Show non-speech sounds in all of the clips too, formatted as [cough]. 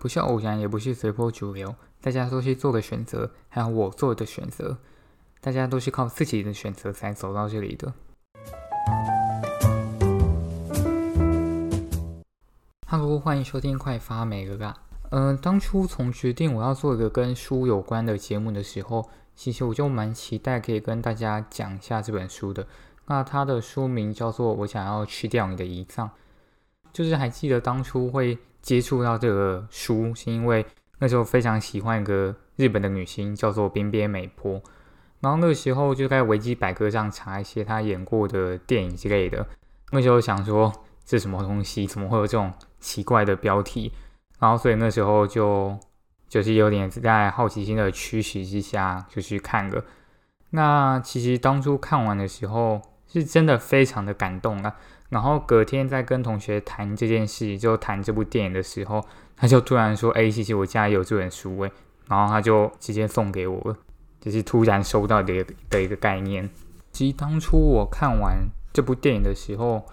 不是偶然，也不是隨波逐流，大家都是做的選擇，還有我做的選擇，大家都是靠自己的選擇才走到這裡的。 [music] Hello，歡迎收聽《快發霉》哥哥。嗯，當初從決定我要做一個跟書有關的節目的時候，其實我就蠻期待可以跟大家講一下這本書的。那它的書名叫做《我想要吃掉你的胰臟》，就是還記得當初會。接觸到這個書，是因為那時候非常喜歡一個日本的女星，叫做濱邊美波。然後那時候就在維基百科上查一些她演過的電影之類的。那時候想說，這什麼東西，怎麼會有這種奇怪的標題？然後所以那時候就就是有點在好奇心的驅使之下，就去看了。那其實當初看完的時候，是真的非常的感動啊。然後隔天在跟同學談這件事，就談這部電影的時候，他就突然說：“哎，欸，其實我家有這本書，欸，誒，然後他就直接送給我了，就是突然收到的一的一個概念。其實當初我看完這部電影的時候，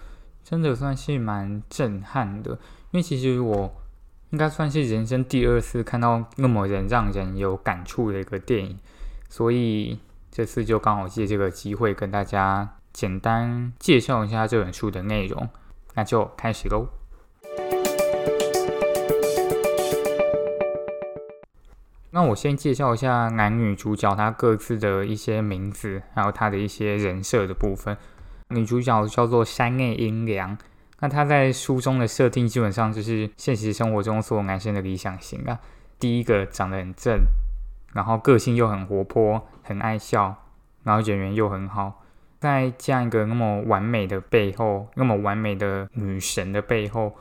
真的算是蠻震撼的，因為其實我應該算是人生第二次看到那麼人讓人有感觸的一個電影，所以這次就剛好借這個機會跟大家。簡單介紹一下這本書的內容，那就開始嘍。那我先介紹一下男女主角他各自的一些名字，還有他的一些人設的部分。女主角叫做山內櫻良，那她在書中的設定基本上就是現實生活中所有男生的理想型啊。第一個長得很正，然後個性又很活潑，很愛笑，然後人緣又很好。在這樣一個那麼完美的背後，那麼完美的女神的背後，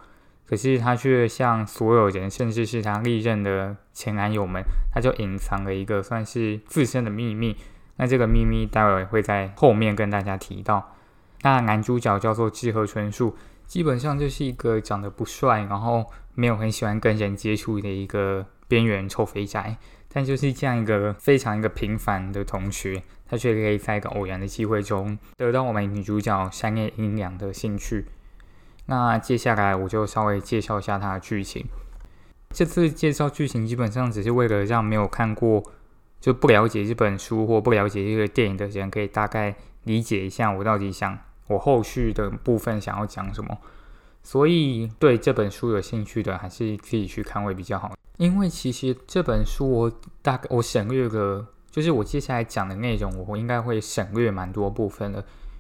可是她卻向所有人，甚至是她歷任的前男友們，她就隱藏了一個算是自身的秘密。那這個秘密待會會在後面跟大家提到。那男主角叫做志賀春樹，基本上就是一個長得不帥，然後沒有很喜歡跟人接觸的一個。邊緣臭肥宅，但就是這樣一個非常一個平凡的同學，他卻可以在一個偶然的機會中得到我們女主角山內櫻良的興趣。那接下來我就稍微介紹一下他的劇情。這次介紹劇情基本上只是為了讓沒有看過、就不了解這本書或不了解這個電影的人，可以大概理解一下我到底想我後續的部分想要講什麼。所以，對這本書有興趣的，還是自己去看會比較好。因為其實這本書，我大概我省略了，就是我接下來講的內容，我應該會省略蠻多部分的。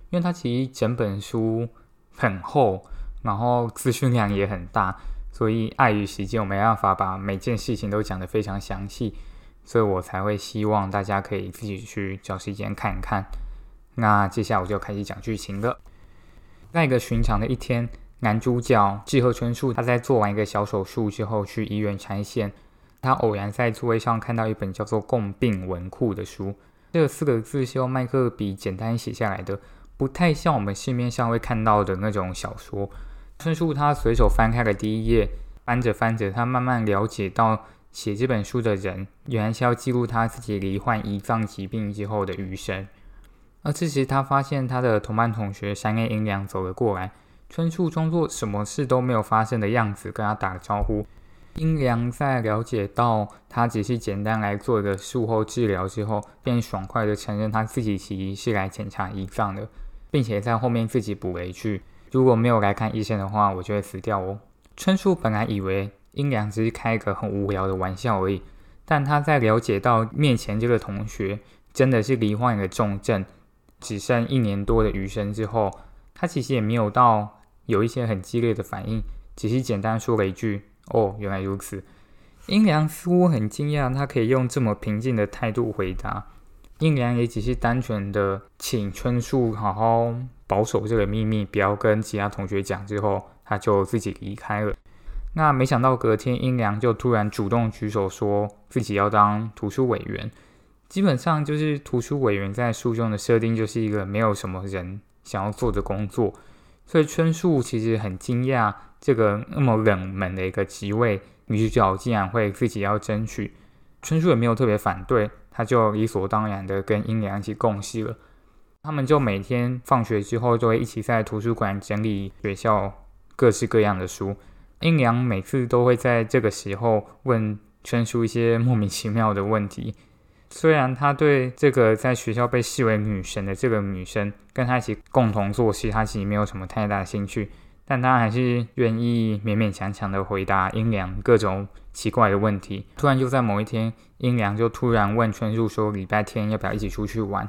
因為它其實整本書很厚，然後資訊量也很大，所以礙於時間，我沒辦法把每件事情都講得非常詳細，所以我才會希望大家可以自己去找時間看一看。那接下來我就開始講劇情了。在一個尋常的一天。男主角志賀春樹，他在做完一個小手術之後去醫院拆線，他偶然在座位上看到一本叫做《共病文庫》的書，這個、四個字是用麥克筆簡單寫下來的，不太像我們市面上會看到的那種小說。春樹他隨手翻開了第一頁，翻着翻着，他慢慢了解到寫這本書的人，原來是要記錄他自己罹患胰臟疾病之後的餘生。而這時，他發現他的同班同學山內櫻，櫻良走了過來。春樹裝作什麼事都沒有發生的樣子，跟他打個招呼。櫻良在了解到他只是簡單來做個術後治療之後，便爽快地承認他自己其實是來檢查胰臟的，並且在後面自己補了一句：“如果沒有來看醫生的話，我就會死掉哦。”春樹本來以為櫻良只是開一個很無聊的玩笑而已，但他在了解到面前這個同學真的是罹患了重症，只剩一年多的餘生之後，他其實也沒有到，有一些很激烈的反應，只是簡單說了一句：“哦，原來如此。”櫻良似乎很驚訝，他可以用這麼平靜的態度回答。櫻良也只是單純的請春樹好好保守這個秘密，不要跟其他同學講之後，他就自己離開了。那沒想到隔天，櫻良就突然主動舉手說自己要當圖書委員。基本上就是圖書委員在書中的設定就是一個沒有什麼人想要做的工作。所以春樹其實很驚訝，這個那麼冷門的一個職位，女主角竟然會自己要爭取。春樹也沒有特別反對，他就理所當然的跟櫻良一起共事了。他們就每天放學之後就會一起在圖書館整理學校各式各樣的書。櫻良每次都會在這個時候問春樹一些莫名其妙的問題。雖然他對這個在學校被視為女神的這個女生跟他一起共同作息，他其實沒有什麼太大的興趣，但他還是願意勉勉強強的回答櫻良各種奇怪的問題。突然就在某一天，櫻良就突然問春樹說：“禮拜天要不要一起出去玩？”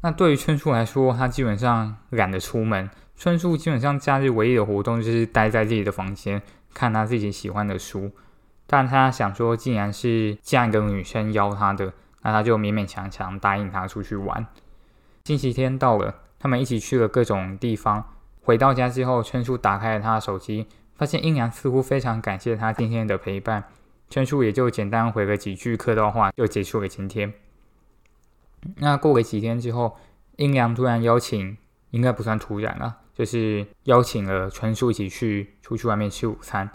那對於春樹來說，他基本上懶得出門。春樹基本上假日唯一的活動就是待在自己的房間看他自己喜歡的書。但他想說，既然是這樣一個女生邀他的。那他就勉勉強強答應他出去玩。星期天到了，他們一起去了各種地方。回到家之後，春樹打開了他的手機，發現櫻良似乎非常感謝他今天的陪伴，春樹也就簡單回了幾句客套話，就結束了今天。那過了幾天之後，櫻良突然邀請，應該不算突然了，就是邀請了春樹一起去出去外面吃午餐。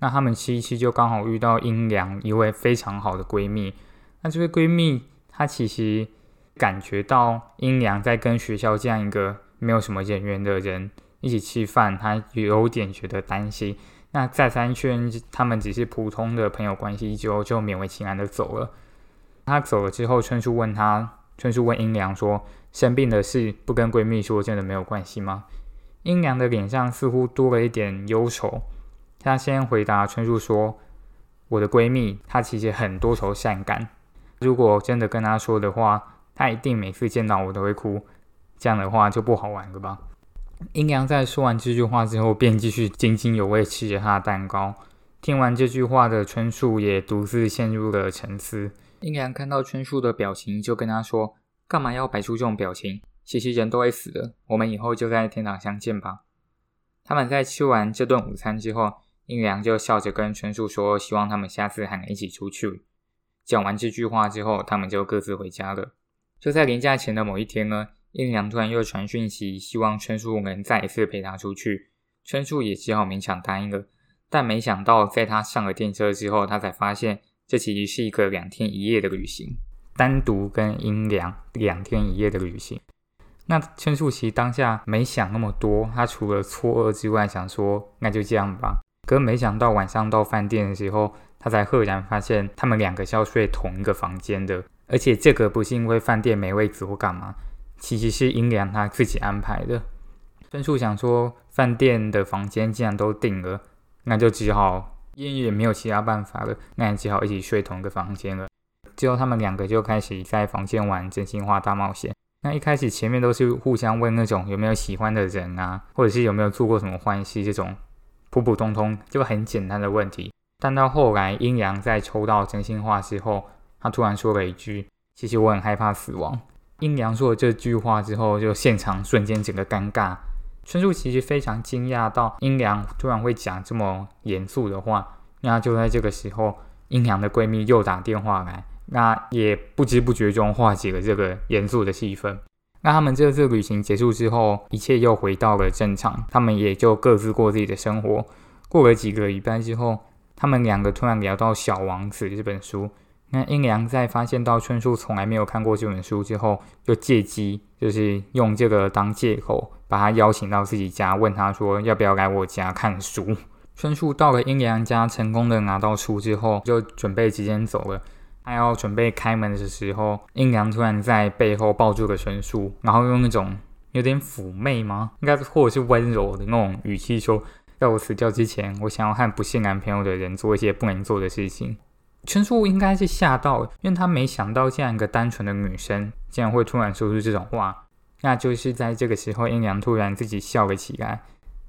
那他們七夕就剛好遇到櫻良一位非常好的閨蜜。那這位閨蜜，她其實感覺到櫻良在跟學校這樣一個沒有什麼人緣的人一起吃飯，她有點覺得擔心。那再三確認他們只是普通的朋友關係後，就就勉為其難的走了。她走了之後，春樹問她，春樹問櫻良說：“生病的事不跟閨蜜說，真的沒有關係嗎？”櫻良的臉上似乎多了一點憂愁。她先回答春樹說：“我的閨蜜，她其實很多愁善感。”如果真的跟他說的話，他一定每次見到我都會哭，這樣的話就不好玩了吧？櫻良在說完這句話之後，便繼續津津有味吃着他的蛋糕。聽完這句話的春樹也獨自陷入了沉思。櫻良看到春樹的表情，就跟他說：“幹嘛要擺出這種表情？其實人都會死的，我們以後就在天堂相見吧。”他們在吃完這頓午餐之後，櫻良就笑着跟春樹說：“希望他們下次還能一起出去。”講完這句話之後，他們就各自回家了。就在年假前的某一天呢，櫻良突然又傳訊息，希望春樹能再一次陪他出去。春樹也只好勉強答應了。但沒想到，在他上了電車之後，他才發現這其實是一個兩天一夜的旅行，單獨跟櫻良兩天一夜的旅行。那春樹其實當下沒想那麼多，他除了錯愕之外，想說那就這樣吧。可沒想到晚上到飯店的時候。他才赫然發現，他們兩個是要睡同一個房間的，而且這個不是因為飯店沒位置或幹嘛，其實是櫻良她自己安排的。分數想說，飯店的房間既然都訂了，那就只好，因為也沒有其他辦法了，那就只好一起睡同一個房間了。之後他們兩個就開始在房間玩真心話大冒險。那一開始前面都是互相問那種有沒有喜歡的人啊，或者是有沒有做過什麼壞事這種普普通通就很簡單的問題。但到後來，陰陽在抽到真心話之後，她突然說了一句：“其實我很害怕死亡。”陰陽說了這句話之後，就現場瞬間整個尷尬。春樹其實非常驚訝到陰陽突然會講這麼嚴肅的話。那就在這個時候，陰陽的閨蜜又打電話來，那也不知不覺中化解了這個嚴肅的氣氛。那他們這次旅行結束之後，一切又回到了正常，他們也就各自過自己的生活。過了幾個禮拜之後。他們兩個突然聊到《小王子》這本書，那英良在發現到春樹從來沒有看過這本書之後，就借機就是用這個當借口，把他邀請到自己家，問他說要不要來我家看書。春樹到了英良家，成功的拿到書之後，就準備直接走了。他要準備開門的時候，英良突然在背後抱住了春樹，然後用那種有點嫵媚嗎？應該或者是溫柔的那種語氣說。在我死掉之前，我想要和不信男朋友的人做一些不能做的事情。春樹應該是嚇到了，因為他沒想到這樣一個單純的女生竟然會突然說出這種話。那就是在這個時候，櫻良突然自己笑了起來，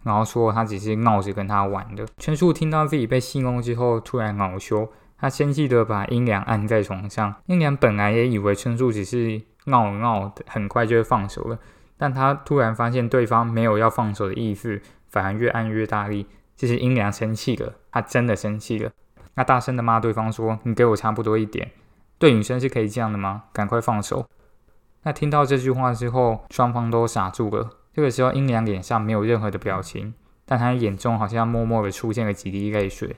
然後說她只是鬧着跟他玩的。春樹聽到自己被戲弄之後，突然惱羞，他生氣地把櫻良按在床上。櫻良本來也以為春樹只是鬧鬧，很快就會放手了，但他突然發現對方沒有要放手的意思。反而越按越大力，這時櫻良生氣了，他真的生氣了，那大聲的罵對方說：“你給我差不多一點，對女生是可以這樣的嗎？趕快放手。”那聽到這句話之後，雙方都傻住了。這個時候，櫻良臉上沒有任何的表情，但他眼中好像默默的出現了幾滴淚水。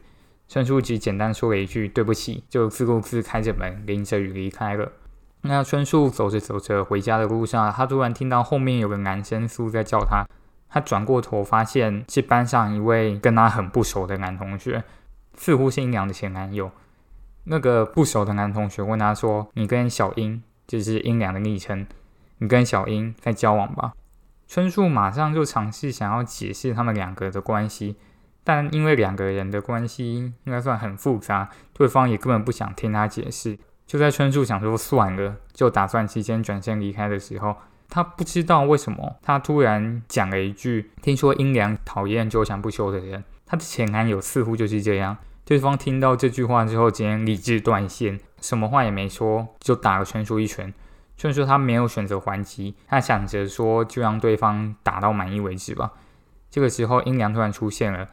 春樹只簡單說了一句“對不起”，就自顧自開着門，淋着雨離開了。那春樹走着走着回家的路上，他突然聽到後面有個男生似乎在叫他。他轉過頭，發現是班上一位跟他很不熟的男同學，似乎是櫻良的前男友。那個不熟的男同學問他說：“你跟小櫻，就是櫻良的昵稱，你跟小櫻在交往吧？”春樹馬上就嘗試想要解釋他們兩個的關係，但因為兩個人的關係應該算很複雜，對方也根本不想聽他解釋。就在春樹想說算了，就打算提前轉身離開的時候。他不知道為什麼，他突然講了一句：“聽說櫻良討厭糾纏不休的人，他的前男友似乎就是這樣。”對方聽到這句話之後，竟然理智斷線，什麼話也沒說，就打了春樹一拳。春樹他沒有選擇還擊，他想着說就讓對方打到滿意為止吧。這個時候，櫻良突然出現了，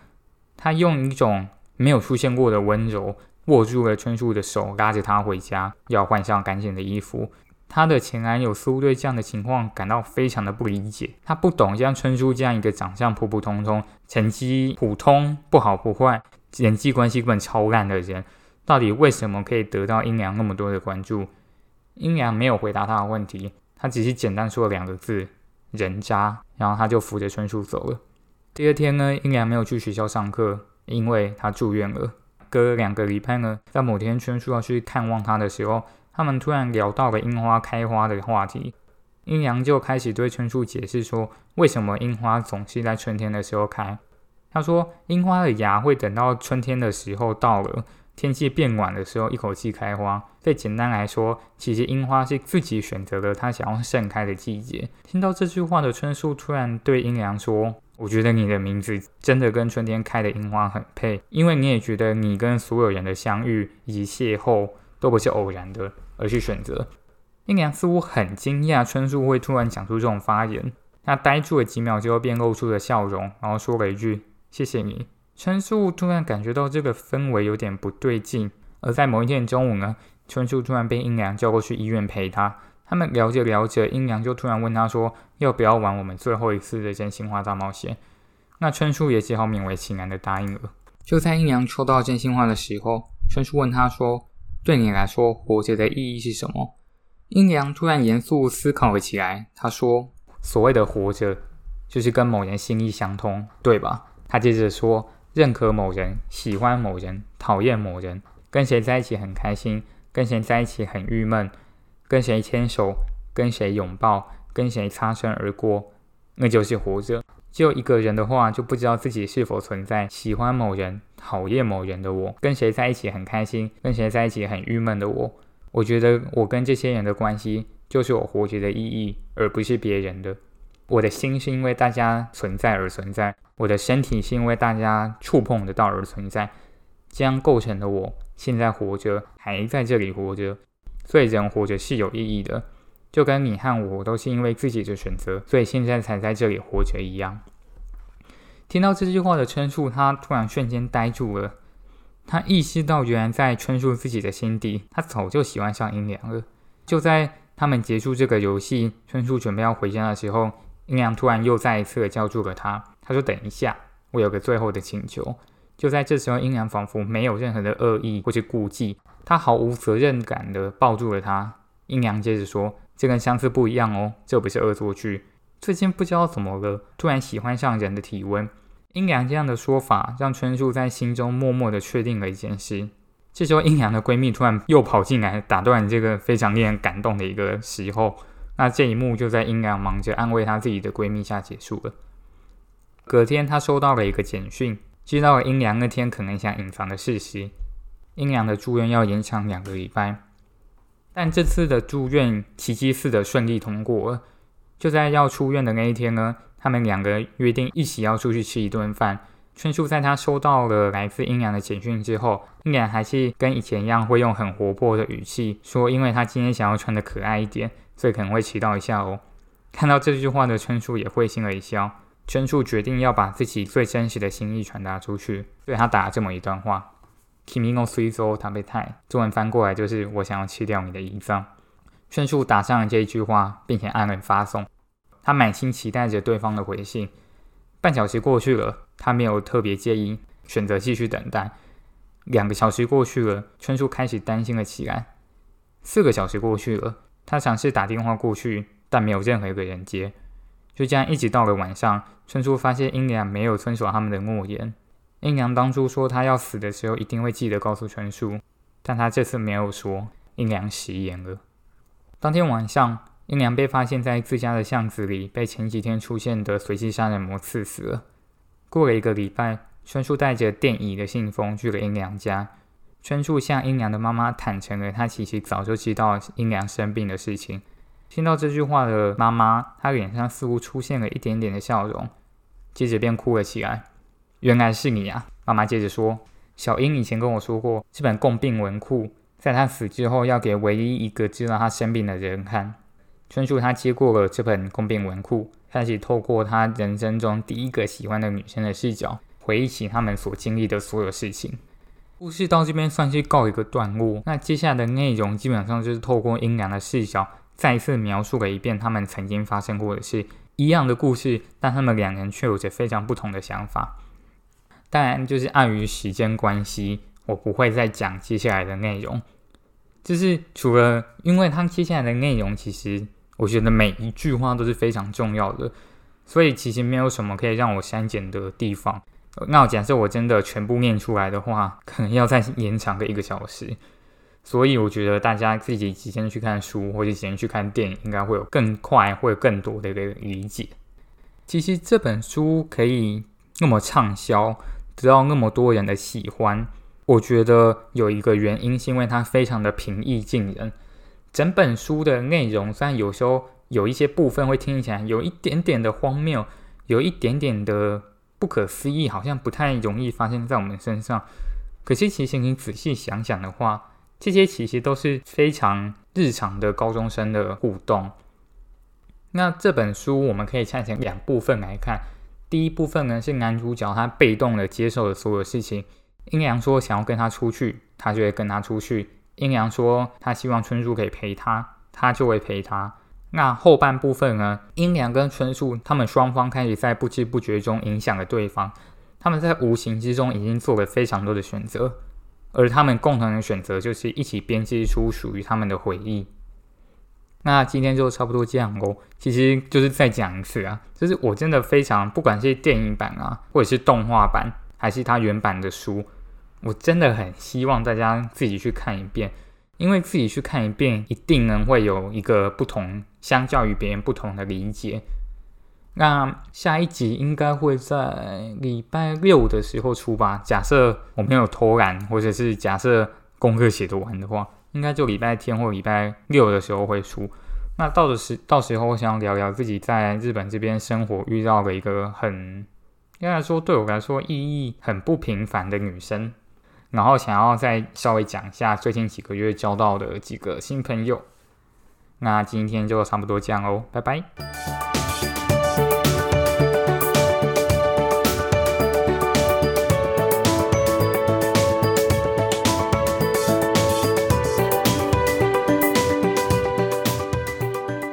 他用一種沒有出現過的溫柔握住了春樹的手，拉着他回家，要換上乾淨的衣服。他的前男友似乎對這樣的情況感到非常的不理解，他不懂像春樹這樣一個長相普普通通、成績普通、不好不壞、人際關係根本超爛的人，到底為什麼可以得到櫻良那麼多的關注？櫻良沒有回答他的問題，他只是簡單說了兩個字“人渣”，然後他就扶着春樹走了。第二天呢，櫻良沒有去學校上課，因為他住院了。隔了兩個禮拜呢，在某天春樹要去探望他的時候。他們突然聊到了櫻花開花的話題，櫻良就開始對春樹解釋說，為什麼櫻花總是在春天的時候開。他說，櫻花的芽會等到春天的時候到了，天氣變暖的時候，一口氣開花。最簡單來說，其實櫻花是自己選擇了它想要盛開的季節。聽到這句話的春樹突然對櫻良說：“我覺得你的名字真的跟春天開的櫻花很配，因為你也覺得你跟所有人的相遇以及邂逅都不是偶然的。”而去選擇。櫻良似乎很驚訝春樹會突然講出這種發言，他呆住了幾秒之後，便露出了笑容，然後說了一句：“謝謝你。”春樹突然感覺到這個氛圍有點不對勁。而在某一天中午呢，春樹突然被櫻良叫過去醫院陪他。他們聊着聊着，櫻良就突然問他說：“要不要玩我們最後一次的真心話大冒險？”那春樹也只好勉為其難的答應了。就在櫻良抽到真心話的時候，春樹問他說。對你來說，活着的意義是什麼？櫻良突然嚴肅思考了起來。他說：“所謂的活着，就是跟某人心意相通，對吧？”他接着說：“認可某人，喜歡某人，討厭某人，跟誰在一起很開心，跟誰在一起很鬱悶，跟誰牽手，跟誰擁抱，跟誰擦身而過，那就是活着。”只有一個人的話，就不知道自己是否存在。喜歡某人、討厭某人的我，跟誰在一起很開心，跟誰在一起很鬱悶的我。我覺得我跟這些人的關係，就是我活着的意義，而不是別人的。我的心是因為大家存在而存在，我的身體是因為大家觸碰得到而存在，這樣構成的我，現在活着，還在這裡活着，所以人活着是有意義的。就跟你和我都是因為自己的選擇，所以現在才在這裡活着一樣。聽到這句話的春樹，他突然瞬間呆住了。他意識到，原來在春樹自己的心底，他早就喜歡上櫻良了。就在他們結束這個遊戲，春樹準備要回家的時候，櫻良突然又再一次叫住了他。他說：“等一下，我有個最後的請求。”就在這時候，櫻良仿佛沒有任何的惡意或是顧忌，他毫無責任感的抱住了他。櫻良接着說。這跟相似不一樣哦，這不是惡作劇。最近不知道怎麼了，突然喜歡上人的體溫。櫻良這樣的說法，讓春樹在心中默默的確定了一件事。這時候，櫻良的閨蜜突然又跑進來，打斷這個非常令人感動的一個時候。那這一幕就在櫻良忙着安慰她自己的閨蜜下結束了。隔天，她收到了一個簡訊，知道了櫻良那天可能想隱藏的事實：櫻良的住院要延長兩個禮拜。但這次的住院奇跡似的順利通過了，就在要出院的那一天呢，他們兩個約定一起要出去吃一頓飯。春樹在他收到了來自陰陽的簡訊之後，陰陽還是跟以前一樣，會用很活潑的語氣說：“因為他今天想要穿的可愛一點，所以可能會遲到一下哦。”看到這句話的春樹也會心了一笑。春樹決定要把自己最真實的心意傳達出去，所以他打了這麼一段話。Kimi no suizō tabetai，中文翻過來就是“我想要吃掉你的胰臟”。春樹打上了這一句話，並且按了發送。他滿心期待着對方的回信。半小時過去了，他沒有特別介意，選擇繼續等待。兩個小時過去了，春樹開始擔心了起來。四個小時過去了，他嘗試打電話過去，但沒有任何一個人接。就這樣一直到了晚上，春樹發現櫻良沒有遵守他們的諾言。櫻良當初說她要死的時候，一定會記得告訴春樹，但她這次沒有說，櫻良食言了。當天晚上，櫻良被發現在自家的巷子裡，被前幾天出現的隨機殺人魔刺死了。過了一個禮拜，春樹帶着電椅的信封去了櫻良家，春樹向櫻良的媽媽坦誠了，他其實早就知道了櫻良生病的事情。聽到這句話的媽媽，她臉上似乎出現了一點點的笑容，接着便哭了起來。原來是你啊！媽媽接着說：“小英以前跟我說過，這本共病文庫在她死之後要給唯一一個知道她生病的人看。”春樹他接過了這本共病文庫，開始透過他人生中第一個喜歡的女生的視角，回憶起他們所經歷的所有事情。故事到這邊算是告一個段落。那接下來的內容基本上就是透過櫻良的視角，再一次描述了一遍他們曾經發生過的事，一樣的故事，但他們兩人卻有着非常不同的想法。當然，就是礙於時間關係，我不會再講接下來的內容。就是除了，因為它接下來的內容，其實我覺得每一句話都是非常重要的，所以其實沒有什麼可以讓我刪減的地方。那我假設我真的全部念出來的話，可能要再延長個一個小時。所以我覺得大家自己提前去看書，或者提前去看電影，應該會有更快，會有更多的一個理解。其實這本書可以那麼暢銷。得到那麼多人的喜歡，我覺得有一個原因是因為它非常的平易近人。整本書的內容雖然有時候有一些部分會聽起來有一點點的荒謬，有一點點的不可思議，好像不太容易發生在我們身上。可是其實你仔細想想的話，這些其實都是非常日常的高中生的互動。那這本書我們可以拆成兩部分來看。第一部分呢，是男主角他被動的接受了所有事情，櫻良說想要跟他出去，他就會跟他出去；櫻良說他希望春樹可以陪他，他就會陪他。那後半部分呢，櫻良跟春樹他們雙方開始在不知不覺中影響了對方，他們在無形之中已經做了非常多的選擇，而他們共同的選擇就是一起編織出屬於他們的回憶。那今天就差不多這樣咯，哦，其實就是再講一次啊，就是我真的非常，不管是電影版啊，或者是動畫版，還是它原版的書，我真的很希望大家自己去看一遍，因為自己去看一遍，一定能會有一個不同，相較於別人不同的理解。那下一集應該會在禮拜六的時候出吧，假設我沒有偷懶，或者是假設功課寫得完的話。應該就禮拜天或禮拜六的時候會出。那到的時，到時候，我想聊聊自己在日本這邊生活遇到的一個很應該來說對我來說意義很不平凡的女生。然後想要再稍微講一下最近幾個月交到的幾個新朋友。那今天就差不多這樣哦，拜拜。